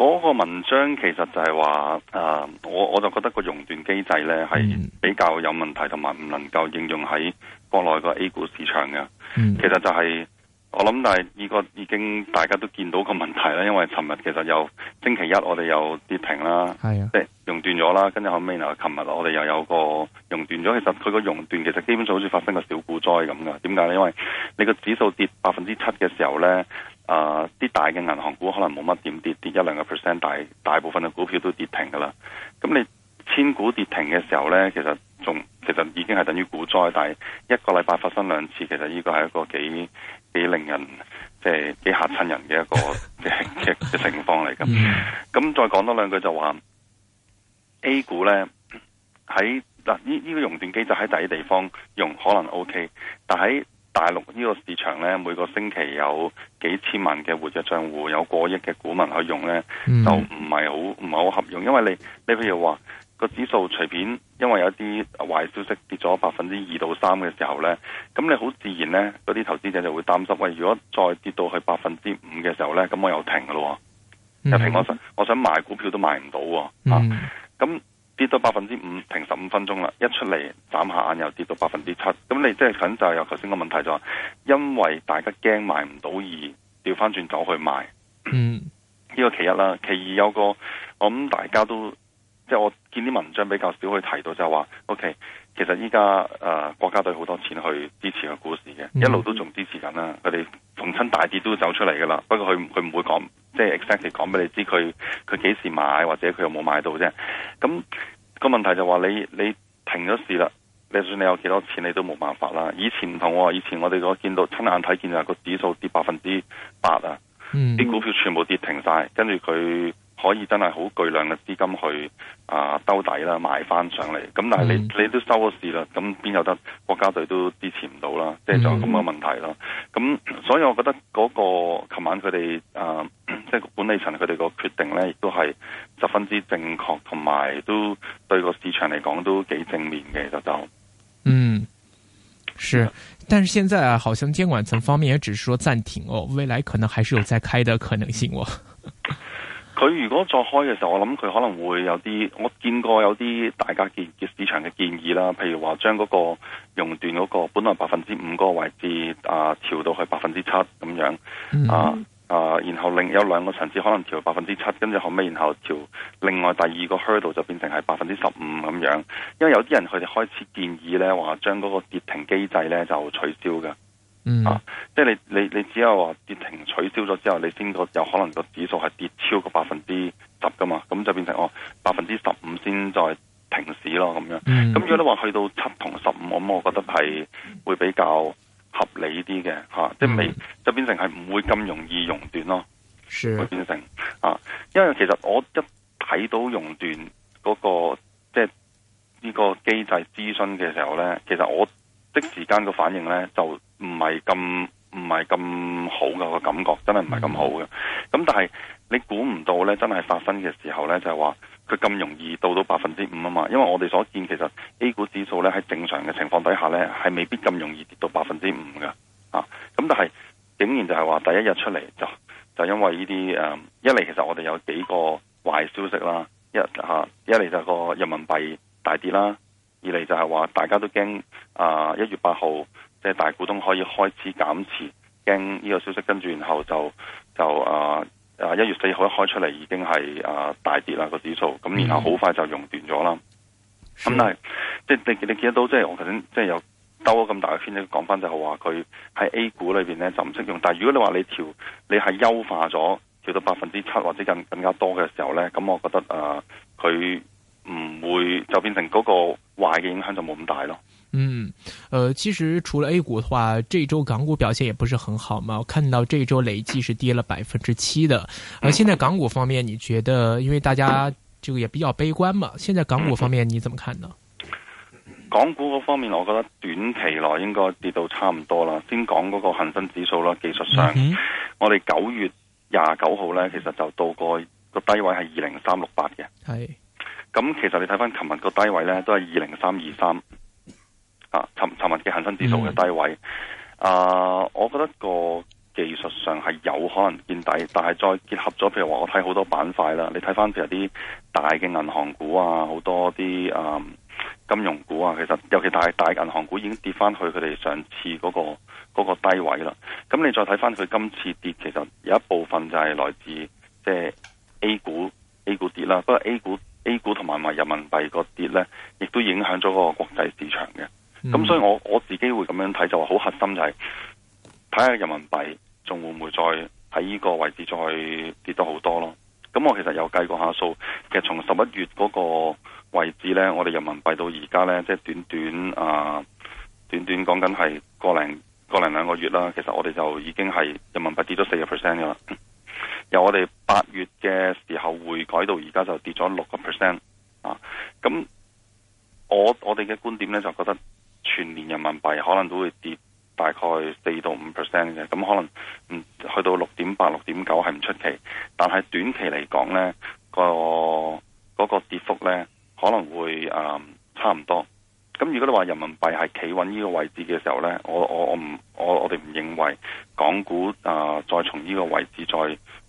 嗰個文章其實就係話，誒、uh，我我就覺得個熔斷機制咧係比較有問題，同埋唔能夠應用喺國內個 A 股市場嘅。Mm. 其實就係、係、我諗，但係呢個已經大家都見到個問題啦。因為尋日其實有星期一，我哋又跌停啦，啊、即係熔斷咗啦。跟住後尾啊，琴日我哋又有個熔斷咗。其實佢個熔斷其實基本上好似發生個小股災咁嘅。點解咧？因為你個指數跌百分之七嘅時候咧。誒、啲、uh, 大嘅銀行股可能冇乜點跌，跌一兩個 percent，大大部分嘅股票都跌停噶啦。咁你千股跌停嘅時候咧，其實仲其實已經係等於股災，但係一個禮拜發生兩次，其實呢個係一個幾幾令人即係幾吓親人嘅一個嘅嘅 情況嚟噶。咁再講多兩句就話 A 股咧喺嗱呢呢、呢個熔斷機制喺第啲地方用可能 OK，但喺大陸呢個市場呢，每個星期有幾千萬嘅活躍賬戶，有過億嘅股民去用呢，就唔係好唔係好合用。因為你你譬如話個指數隨便，因為有啲壞消息跌咗百分之二到三嘅時候呢，咁你好自然呢，嗰啲投資者就會擔心喂，如果再跌到去百分之五嘅時候呢，咁我又停嘅咯，又停、嗯、我想我想買股票都買唔到啊，咁、嗯。嗯。跌到百分之五，停十五分鐘啦，一出嚟眨下眼又跌到百分之七，咁你即係想，就係有頭先個問題就話，因為大家驚買唔到而掉翻轉走去買，呢個、嗯、其一啦，其二有個，我諗大家都即係、就是、我見啲文章比較少去提到就話，OK。其實依家誒國家隊好多錢去支持個股市嘅，mm hmm. 一路都仲支持緊啦、啊。佢哋逢親大跌都走出嚟噶啦。不過佢佢唔會講，即、就、係、是、exactly 講俾你知佢佢幾時買或者佢有冇買到啫。咁、那個問題就話你你停咗市啦，你就算你有幾多錢你都冇辦法啦。以前同我、啊、話，以前我哋都見到親眼睇見就個指數跌百分之八啊，啲、mm hmm. 股票全部跌停晒，跟住佢。可以真係好巨量嘅資金去啊兜、呃、底啦，買翻上嚟。咁但係你、嗯、你都收咗市啦，咁邊有得國家隊都支持唔到啦，即係就咁、是、嘅問題咯。咁、嗯、所以我覺得嗰、那個琴晚佢哋啊，即係管理層佢哋個決定咧，亦都係十分之正確，同埋都對個市場嚟講都幾正面嘅，其實就就嗯是，但係現在啊，好像監管層方面也只是說暫停哦，未來可能還是有再開嘅可能性哦。佢如果再開嘅時候，我諗佢可能會有啲，我見過有啲大家建建市場嘅建議啦，譬如話將嗰個熔斷嗰個本來百分之五個位置啊調到去百分之七咁樣，mm hmm. 啊啊，然後另有兩個層次可能調百分之七，跟住後尾然後調另外第二個 hurdle 就變成係百分之十五咁樣，因為有啲人佢哋開始建議呢話將嗰個跌停機制呢就取消嘅。嗯，啊，即係你你你只有話跌停取消咗之後，你先個有可能個指數係跌超過百分之十噶嘛，咁就變成哦百分之十五先再停市咯咁樣。咁如果你話去到七同十五，咁我覺得係會比較合理啲嘅，吓、嗯，即係未就變成係唔會咁容易熔斷咯，會變成啊，因為其實我一睇到熔斷嗰、嗰個即係呢個機制諮詢嘅時候咧，其實我。即時間個反應呢，就唔係咁唔係咁好嘅個感覺，真係唔係咁好嘅。咁但係你估唔到呢，真係發生嘅時候呢，就係話佢咁容易到到百分之五啊嘛。因為我哋所見，其實 A 股指數呢，喺正常嘅情況底下呢，係未必咁容易跌到百分之五嘅。咁但係竟然就係話第一日出嚟，就就因為呢啲誒，一嚟其實我哋有幾個壞消息啦，一嚇、啊、一嚟就個人民幣大跌啦。二嚟就係話大家都驚啊！一、呃、月八號即係大股東可以開始減持，驚呢個消息跟，跟住然後就就啊啊！一、呃、月四號一開出嚟已經係啊、呃、大跌啦個指數，咁然後好快就熔斷咗啦。咁、嗯、但係即係你你見得到即係我頭先即係又兜咗咁大個圈，講翻就係話佢喺 A 股裏邊咧就唔識用。但係如果你話你調你係優化咗調到百分之七或者更更加多嘅時候咧，咁我覺得啊佢。呃唔會就變成嗰個壞嘅影響就冇咁大咯。嗯，誒、呃，其實除了 A 股嘅話，這周港股表現也不是很好嘛。我看到這周累計是跌了百分之七的。而、呃、現在港股方面，你覺得因為大家就也比較悲觀嘛？現在港股方面，你怎麼看呢？港股嗰方面，我覺得短期內應該跌到差唔多啦。先講嗰個恒生指數啦，技術上，嗯、哼我哋九月廿九號呢，其實就到過個低位係二零三六八嘅，係、哎。咁其實你睇翻琴日個低位咧，都係二零三二三啊。尋尋日嘅恒生指數嘅低位啊、mm hmm. 呃，我覺得個技術上係有可能見底，但係再結合咗，譬如話我睇好多板塊啦，你睇翻譬如啲大嘅銀行股啊，好多啲啊、嗯、金融股啊，其實尤其大大銀行股已經跌翻去佢哋上次嗰個嗰個低位啦。咁你再睇翻佢今次跌，其實有一部分就係來自即係、即係、A 股 A 股跌啦，不過 A 股。A 股同埋人民幣個跌咧，亦都影響咗個國際市場嘅。咁、嗯、所以我我自己會咁樣睇，就話好核心就係睇下人民幣仲會唔會再喺呢個位置再跌得好多咯。咁我其實有計過下數，其實從十一月嗰個位置咧，我哋人民幣到而家咧，即係短短啊、呃、短短講緊係個零個零兩個月啦。其實我哋就已經係人民幣跌咗四十 percent 㗎啦。由我哋八月嘅時候匯改到而家就跌咗六個 percent 啊，咁我我哋嘅觀點呢，就覺得全年人民幣可能都會跌大概四到五 percent 嘅，咁可能嗯去到六點八六點九係唔出奇，但係短期嚟講呢，嗰個嗰、嗰個跌幅呢可能會、呃、差唔多。咁如果你話人民幣係企穩呢個位置嘅時候呢，我我我唔，我我哋唔認為港股啊、呃、再從呢個位置再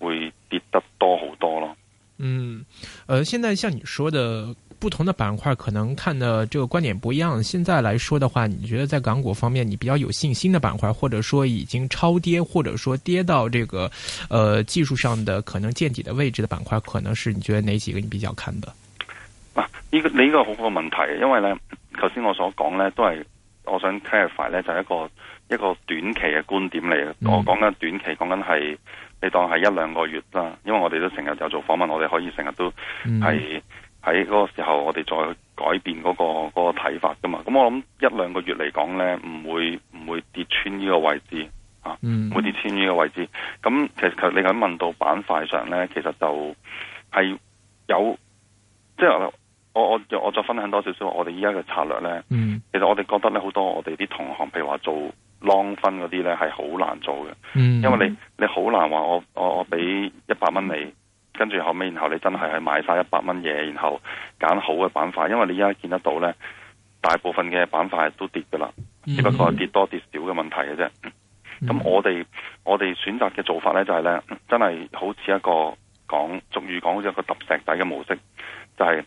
會跌得多好多咯。嗯，呃，現在像你說的，不同的板塊可能看的這個觀點不一樣。現在來說的話，你覺得在港股方面，你比較有信心的板塊，或者說已經超跌，或者說跌到這個，誒、呃、技術上的可能見底的位置的板塊，可能是你覺得哪幾個你比較看的？啊、呢個，呢、呢個你呢、呢個好好問題，因為呢。頭先我所講呢都係我想 clarify 呢，就係一個一個短期嘅觀點嚟嘅。嗯、我講緊短期，講緊係你當係一兩個月啦。因為我哋都成日有做訪問，我哋可以成日都係喺嗰個時候，我哋再改變嗰、嗰個睇、嗰個嗰個、法噶嘛。咁我諗一兩個月嚟講呢，唔會唔會跌穿呢個位置啊，唔會跌穿呢個位置。咁、嗯啊、其、其實你咁問到板塊上呢，其實就係有、就係、即係。即即我我再分享多少少，我哋依家嘅策略呢。嗯、其實我哋覺得咧好多我哋啲同行，譬如話做 long 分嗰啲呢，係好難做嘅，因為你你好難話我我我俾一百蚊你，跟住後尾然後你真係去賣晒一百蚊嘢，然後揀好嘅板塊，因為你而家見得到呢，大部分嘅板塊都跌噶啦，嗯、只不過係跌多跌少嘅問題嘅啫。咁、嗯嗯、我哋我哋選擇嘅做法呢，就係、是、呢，真係好似一個講俗語講好似一個揼石底嘅模式，就係、是。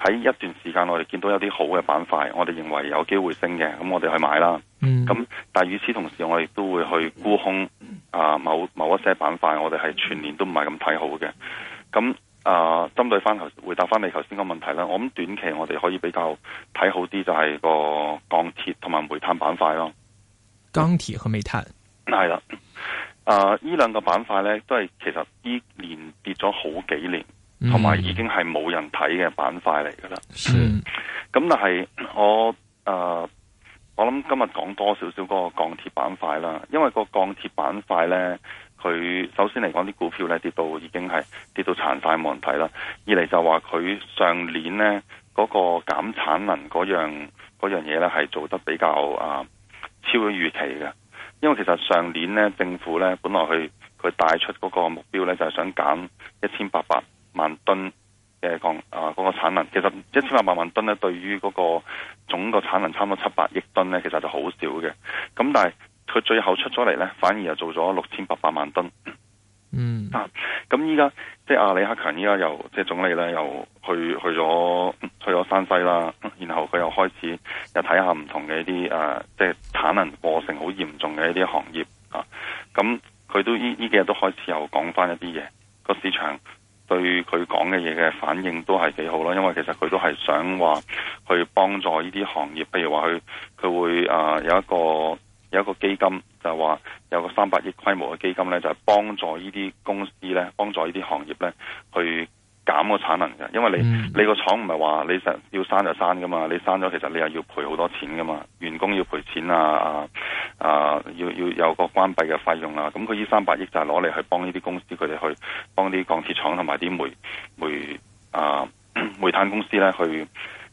喺一段時間內，我見到一啲好嘅板塊，我哋認為有機會升嘅，咁我哋去買啦。咁、嗯、但係與此同時，我哋都會去沽空啊、呃，某某一些板塊，我哋係全年都唔係咁睇好嘅。咁、嗯、啊、呃，針對翻頭回答翻你頭先個問題啦。我諗短期我哋可以比較睇好啲，就係個鋼鐵同埋煤炭板塊咯。鋼鐵和煤炭係啦。啊，呢、嗯呃、兩個板塊呢，都係其實呢年跌咗好幾年。同埋、嗯、已經係冇人睇嘅板塊嚟噶啦，咁是、嗯、但係我誒、呃，我諗今日講多少少嗰個鋼鐵板塊啦，因為個鋼鐵板塊呢，佢首先嚟講啲股票呢，跌到已經係跌到殘晒冇人睇啦，二嚟就話佢上年呢嗰、嗰個減產能嗰樣樣嘢呢，係做得比較啊超咗預期嘅，因為其實上年呢，政府呢，本來去佢帶出嗰個目標呢，就係、是、想減一千八百萬噸嘅礦啊，嗰、嗰個產能其實一千八百萬噸咧，對於嗰個總個產能差唔多七百億噸咧，其實就好少嘅。咁但係佢最後出咗嚟咧，反而又做咗六千八百萬噸。嗯，咁依家即係、啊、阿李克強依家又即係總理咧，又去去咗去咗山西啦，然後佢又開始又睇下唔同嘅一啲誒、啊，即係產能過剩好嚴重嘅一啲行業啊。咁、啊、佢都依呢幾日都開始又講翻一啲嘢個市場。對佢講嘅嘢嘅反應都係幾好啦，因為其實佢都係想話去幫助呢啲行業，譬如話佢佢會啊、呃、有一個有一個基金，就係、是、話有個三百億規模嘅基金呢，就係、是、幫助呢啲公司呢，幫助呢啲行業呢去。減個產能嘅，因為你你個廠唔係話你實要刪就刪噶嘛，你刪咗其實你又要賠好多錢噶嘛，員工要賠錢啊啊，要要有個關閉嘅費用啦、啊。咁佢呢三百億就係攞嚟去幫呢啲公司佢哋去幫啲鋼鐵廠同埋啲煤煤啊煤炭公司咧去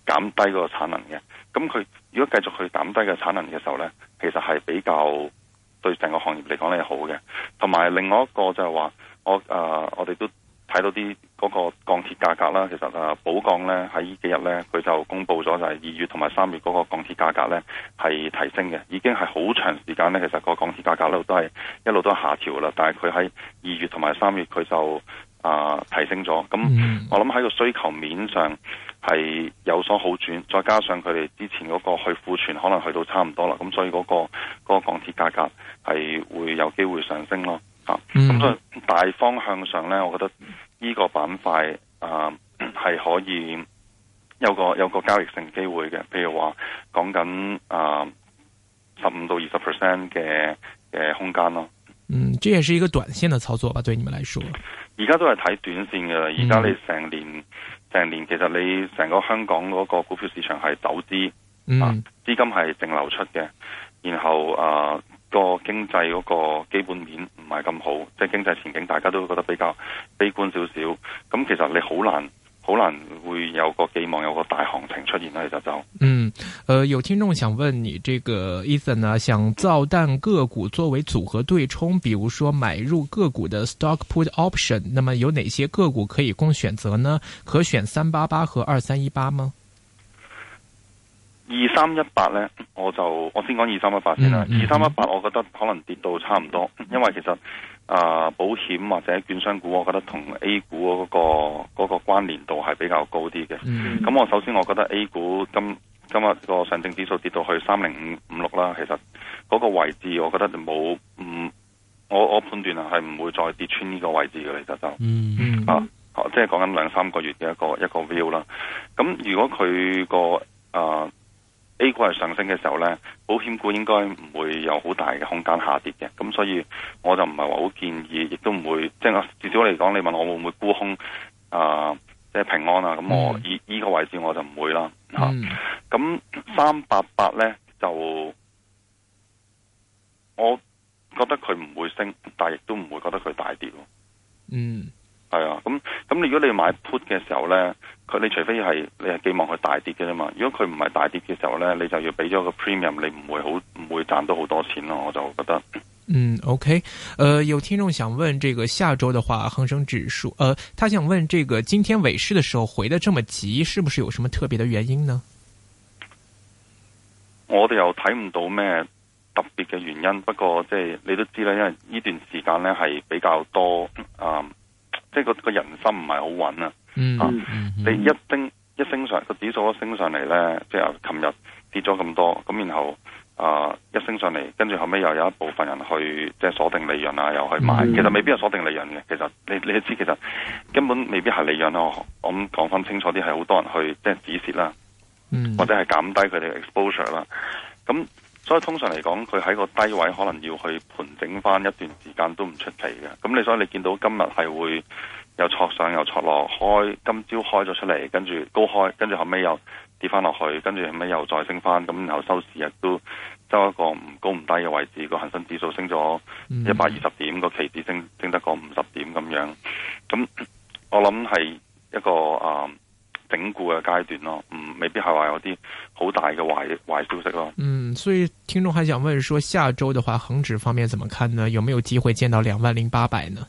減低個產能嘅。咁、嗯、佢如果繼續去減低個產能嘅時候咧，其實係比較對成個行業嚟講咧係好嘅。同埋另外一個就係話我啊、呃、我哋都。睇到啲嗰個鋼鐵價格啦，其實誒寶鋼咧喺呢幾日咧，佢就公布咗就係二月同埋三月嗰個鋼鐵價格咧係提升嘅，已經係好長時間咧，其實個鋼鐵價格咧都係一路都下調啦，但係佢喺二月同埋三月佢就啊、呃、提升咗，咁、嗯、我諗喺個需求面上係有所好轉，再加上佢哋之前嗰個去庫存可能去到差唔多啦，咁所以嗰個嗰個鋼鐵價格係會有機會上升咯。咁、啊嗯嗯、所以大方向上咧，我覺得呢個板塊啊係、呃、可以有個有個交易性機會嘅，譬如話講緊啊十五到二十 percent 嘅誒空間咯。嗯，這也是一個短線嘅操作吧？對你們來說，而家都係睇短線嘅。而家你成年成年，年其實你成個香港嗰個股票市場係走資、嗯、啊，嗯、資金係淨流出嘅，然後啊。呃個經濟嗰個基本面唔係咁好，即係經濟前景大家都會覺得比較悲觀少少。咁其實你好難好難會有個寄望有個大行情出現啦，其實就嗯，誒、呃，有聽眾想問你，這個 Ethan 啊，想造淡個股作為組合對沖，比如說買入個股的 stock put option，那麼有哪些個股可以供選擇呢？可選三八八和二三一八嗎？二三一八咧，我就我先講二三一八先啦。二三一八，hmm. 我覺得可能跌到差唔多，因為其實啊、呃，保險或者券商股，我覺得同 A 股嗰、嗰個嗰、嗰個關聯度係比較高啲嘅。咁、mm hmm. 我首先我覺得 A 股今今日個上證指數跌到去三零五五六啦，其實嗰個位置，我覺得就冇唔、嗯，我我判斷啊，係唔會再跌穿呢個位置嘅，其實就、mm hmm. 啊，即係講緊兩三個月嘅一個一個 view 啦。咁如果佢個啊。呃 A 股係上升嘅時候呢，保險股應該唔會有好大嘅空間下跌嘅，咁所以我就唔係話好建議，亦都唔會，即係至少嚟講，你問我會唔會沽空、呃、啊？即係平安啦，咁我依依個位置我就唔會啦。吓、嗯啊，咁三八八呢，就我覺得佢唔會升，但係亦都唔會覺得佢大跌咯。嗯。係啊，咁咁、嗯，如果你買 put 嘅時候呢，佢你除非係你係寄望佢大跌嘅啫嘛。如果佢唔係大跌嘅時候呢，你就要俾咗個 premium，你唔會好唔會賺到好多錢咯。我就覺得。嗯，OK，誒、呃，有聽眾想問，這個下周的話，恒生指數，誒、呃，他想問，這個今天尾市的時候回得這麼急，是不是有什麼特別的原因呢？我哋又睇唔到咩特別嘅原因，不過即係你都知啦，因為呢段時間呢係比較多啊。即係個人心唔係好穩啊！嗯嗯嗯、啊，你一升一升上個指數升、呃、一升上嚟咧，即係琴日跌咗咁多咁，然後啊一升上嚟，跟住後尾又有一部分人去即係鎖定利潤啊，又去買，嗯、其實未必係鎖定利潤嘅。其實你你知，其實根本未必係利潤咯。我咁講翻清楚啲，係好多人去即係止蝕啦，嗯、或者係減低佢哋嘅 exposure 啦、啊。咁、嗯所以通常嚟講，佢喺個低位可能要去盤整翻一段時間都唔出奇嘅。咁你所以你見到今日係會又挫上又挫落，開今朝開咗出嚟，跟住高開，跟住後尾又跌翻落去，跟住後尾又再升翻，咁然後收市日都收一個唔高唔低嘅位置，個恒生指數升咗一百二十點，個、嗯、期指升升得個五十點咁樣。咁我諗係一個啊，呃整固嘅階段咯，嗯，未必係話有啲好大嘅壞壞消息咯。嗯，所以聽眾還想問，說下周的話，恒指方面怎麼看呢？有沒有機會見到兩萬零八百呢？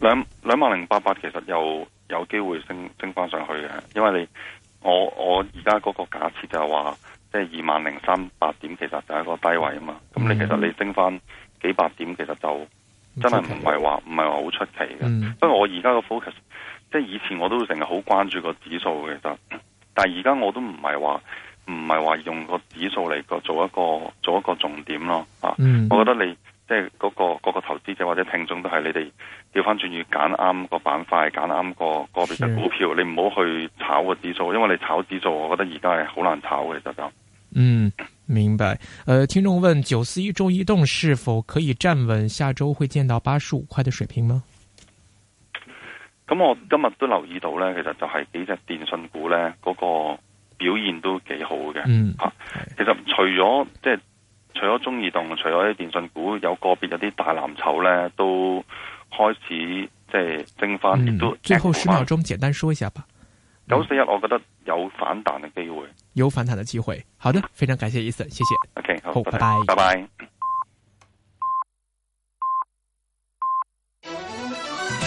兩兩萬零八百其實又有機會升升翻上去嘅，因為你我我而家嗰個假設就係話，即係二萬零三百點其實就係一個低位啊嘛。咁你其實你升翻幾百點，其實就真係唔係話唔係話好出奇嘅。嗯，不過我而家個 focus。即係以前我都成日好關注個指數嘅，其但但而家我都唔係話唔係話用個指數嚟個做一個做一個重點咯。啊、嗯，我覺得你即係嗰個、個投資者或者聽眾都係你哋調翻轉去揀啱個板塊，揀啱、個個別嘅股票，你唔好去炒個指數，因為你炒指數，我覺得而家係好難炒嘅就嗯, 嗯，明白。誒、呃，聽眾問：九四一周移動，是否可以站穩？下周會見到八十五塊嘅水平嗎？咁我今日都留意到咧，其實就係幾隻電信股咧，嗰個表現都幾好嘅。吓，其實除咗即係除咗中移動，除咗啲電信股，有個別有啲大藍籌咧，都開始即係升翻，就是嗯、都 echo。最後十秒鐘來簡單說一下吧。九四一，我覺得有反彈嘅機會，有反彈嘅機會。好的，非常感謝、Ethan 謝謝。OK，好，拜拜好。